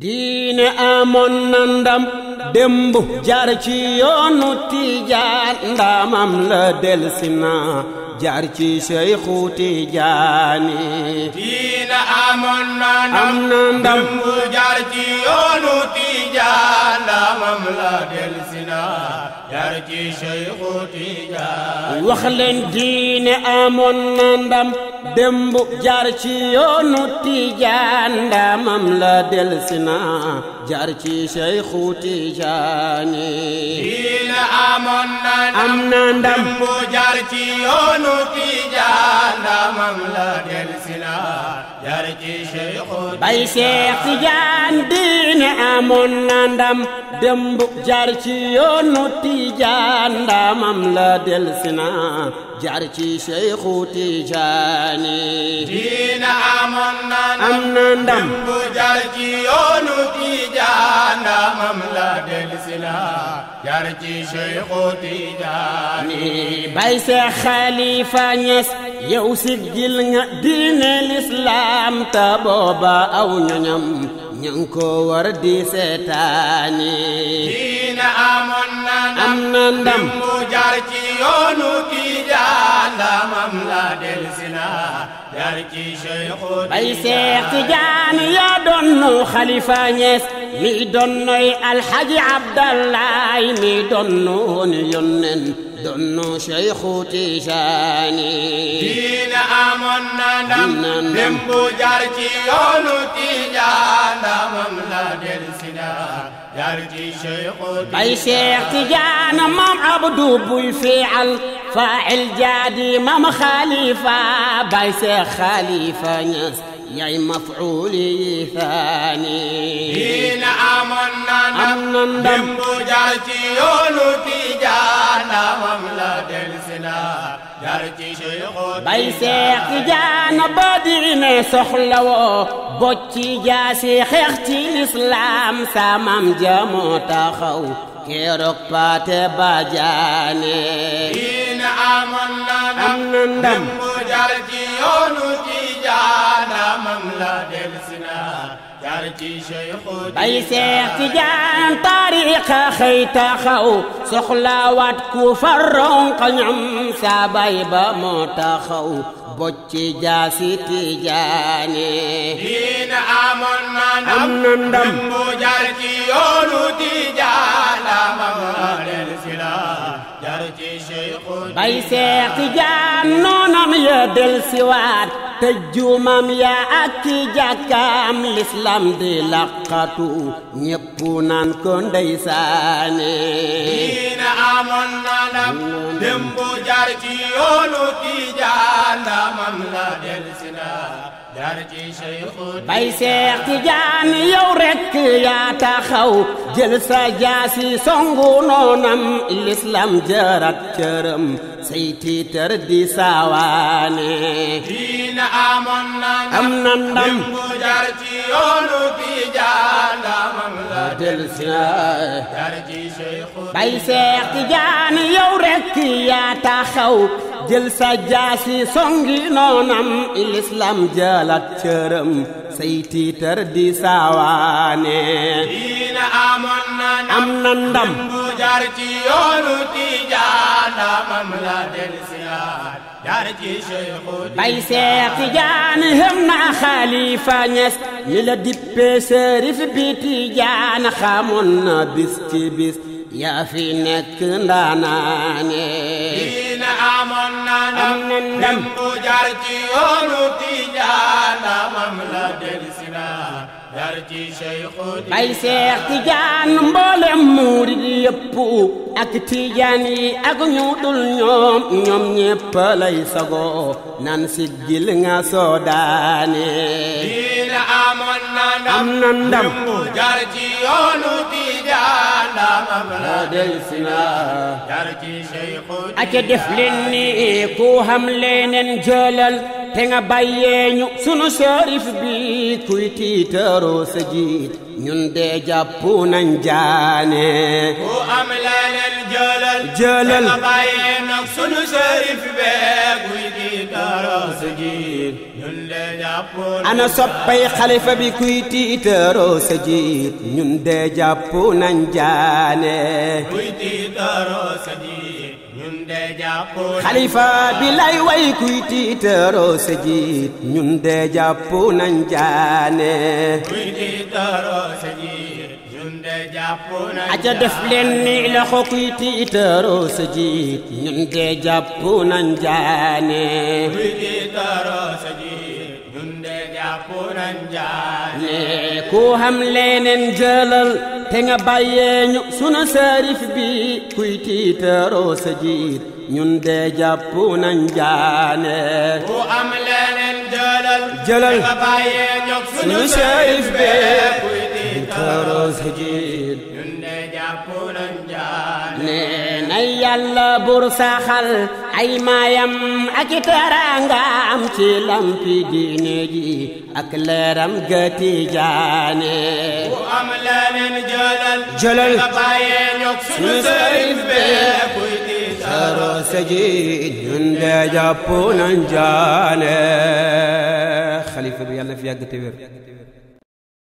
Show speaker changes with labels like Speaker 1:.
Speaker 1: diine amoon na ndam démb jaar ci yoonu tijaan ndamam la delsi na jaar ci seyxu tijaani amoon na ndam ndam bu jaar
Speaker 2: ci yoonu Tijaan ndamam la dellusi na ci Seexu Tijaan
Speaker 1: wax diine amoon na ndam démb jaar ci yoonu Tijaan ndamam la dellusi
Speaker 2: ndamam la ci Seexu
Speaker 1: bay amoon na ndam démb jar ci yoonu Tijaan ndamam la del sinaat jar ci Seexu Tijaani diine
Speaker 2: amoon na
Speaker 1: ndam démb jar
Speaker 2: ci yoonu ndaamam la del ci Seexu
Speaker 1: Tijaani bay Seex Xalifa Ñas yow siggil nga diine lislaam ta aw ñoñam ñu ko war di seetaani diina amoon na am na ndam ci yoonu Tijaan
Speaker 2: ndaamam la del si la
Speaker 1: ci Seexu Tijaan bay doon nu Xalifa Ñas mi donnoy alxaji abdallaay mi donnoon yónneen donno Seexu Tijaani diina amoon na ndam dem bu jaar ci yoonu Tijaan
Speaker 2: ndamam la del sina jaar ci Seexu bay Seex Tijaan
Speaker 1: maam Abdu buy fiical faacil jaadi maam Xalifa bay Seex Xalifa Ñas يا مفعولي ثاني هنا
Speaker 2: أمنا أمنا دم بجاتي جانا مملا دلسلا جارتي شيخو باي سيخ
Speaker 1: جانا بادعين سخلو بوتي جاسي خيختي الإسلام سامم جامو تخو كيروك باتي باجاني هنا
Speaker 2: أمنا
Speaker 1: أمنا دم بجاتي يونتي
Speaker 2: جانا maamam la del sina jaar ci Seexu bay Seex
Speaker 1: Tijaan tariqa xëy taxaw soxlawaat ku farronqa ñam saa bay ba moo taxaw bocci jaasi Tijaane diina amoon na am na bu jaar ci yoonu Tijaan
Speaker 2: bay seex
Speaker 1: tijaan noonam ya del siwaat te juumam ya ak ki jàkkaam lislam di laqatu ñépp naan ko ndeysaane diina
Speaker 2: amoon na dem bu jaar ci yoonu ki jaar ndamam bay Seex Tijaan yow
Speaker 1: rekk yaa taxaw jël sa jaasi songu noonam l'islam jarat cëram say tiitar di saawaane diina
Speaker 2: amoon na
Speaker 1: am na ndam jaar ci yoonu Tijaan ndamam la del si na bay Seex Tijaan yow rekk yaa taxaw jël sa jaasi songi noonam l'islam jëlaat cëram say tiitar di saawaane diina amoon na am ndam bu ci yoonu
Speaker 2: Tijaan amam la delsiyaat jaar ci Seexu bay Seex
Speaker 1: Tijaan hem na xalifa ñes mi la dippee sërif bi Tijaan xamoon na bis ci bis yaa fi nekk ndaanaane
Speaker 2: am na ci
Speaker 1: yoonu Tijaan ndamam
Speaker 2: la dellusi na jaar ci
Speaker 1: yi ak ñu ñoom ñoom ñépp sago nan siggil nga soo daane diina amoon na ndam am aca def leen ni ku xam leeneen jëlal te nga bàyyee ñu sunu sërif bi kuy tiitaroo sa jiit ñun dee jàpp nañ jaane ku am leeneen jëlal jëlal te nga bàyyee
Speaker 2: ñu sunu sërif bi
Speaker 1: ana soppay xalifa bi kuy tiitaroo sa jiit nañ jaane
Speaker 2: kuy jiit ñun de jàpp xalifa nañ jaane
Speaker 1: kuy tiitaroo
Speaker 2: aja def leen
Speaker 1: la ko kuy tiitaroo sa jiit ñun de jàpp nañ jaane ne ku xam leneen jëlal te nga bàyyee ñu sunu sërif bi kuy tiitaroo sa jiit ñun de jàpp nañ jaane ku
Speaker 2: am leneen jëlal jëlal te nga bàyyee bi
Speaker 1: kuy tiitaroo sa jiit أي الله برسا خل أي ما يم أكيد رانغا أم تلام في دينجي أكلرم قتي جاني
Speaker 2: وأم لين جلال جلال باي نقص نسرين
Speaker 1: بكوي خليفة بيالا في أكتبير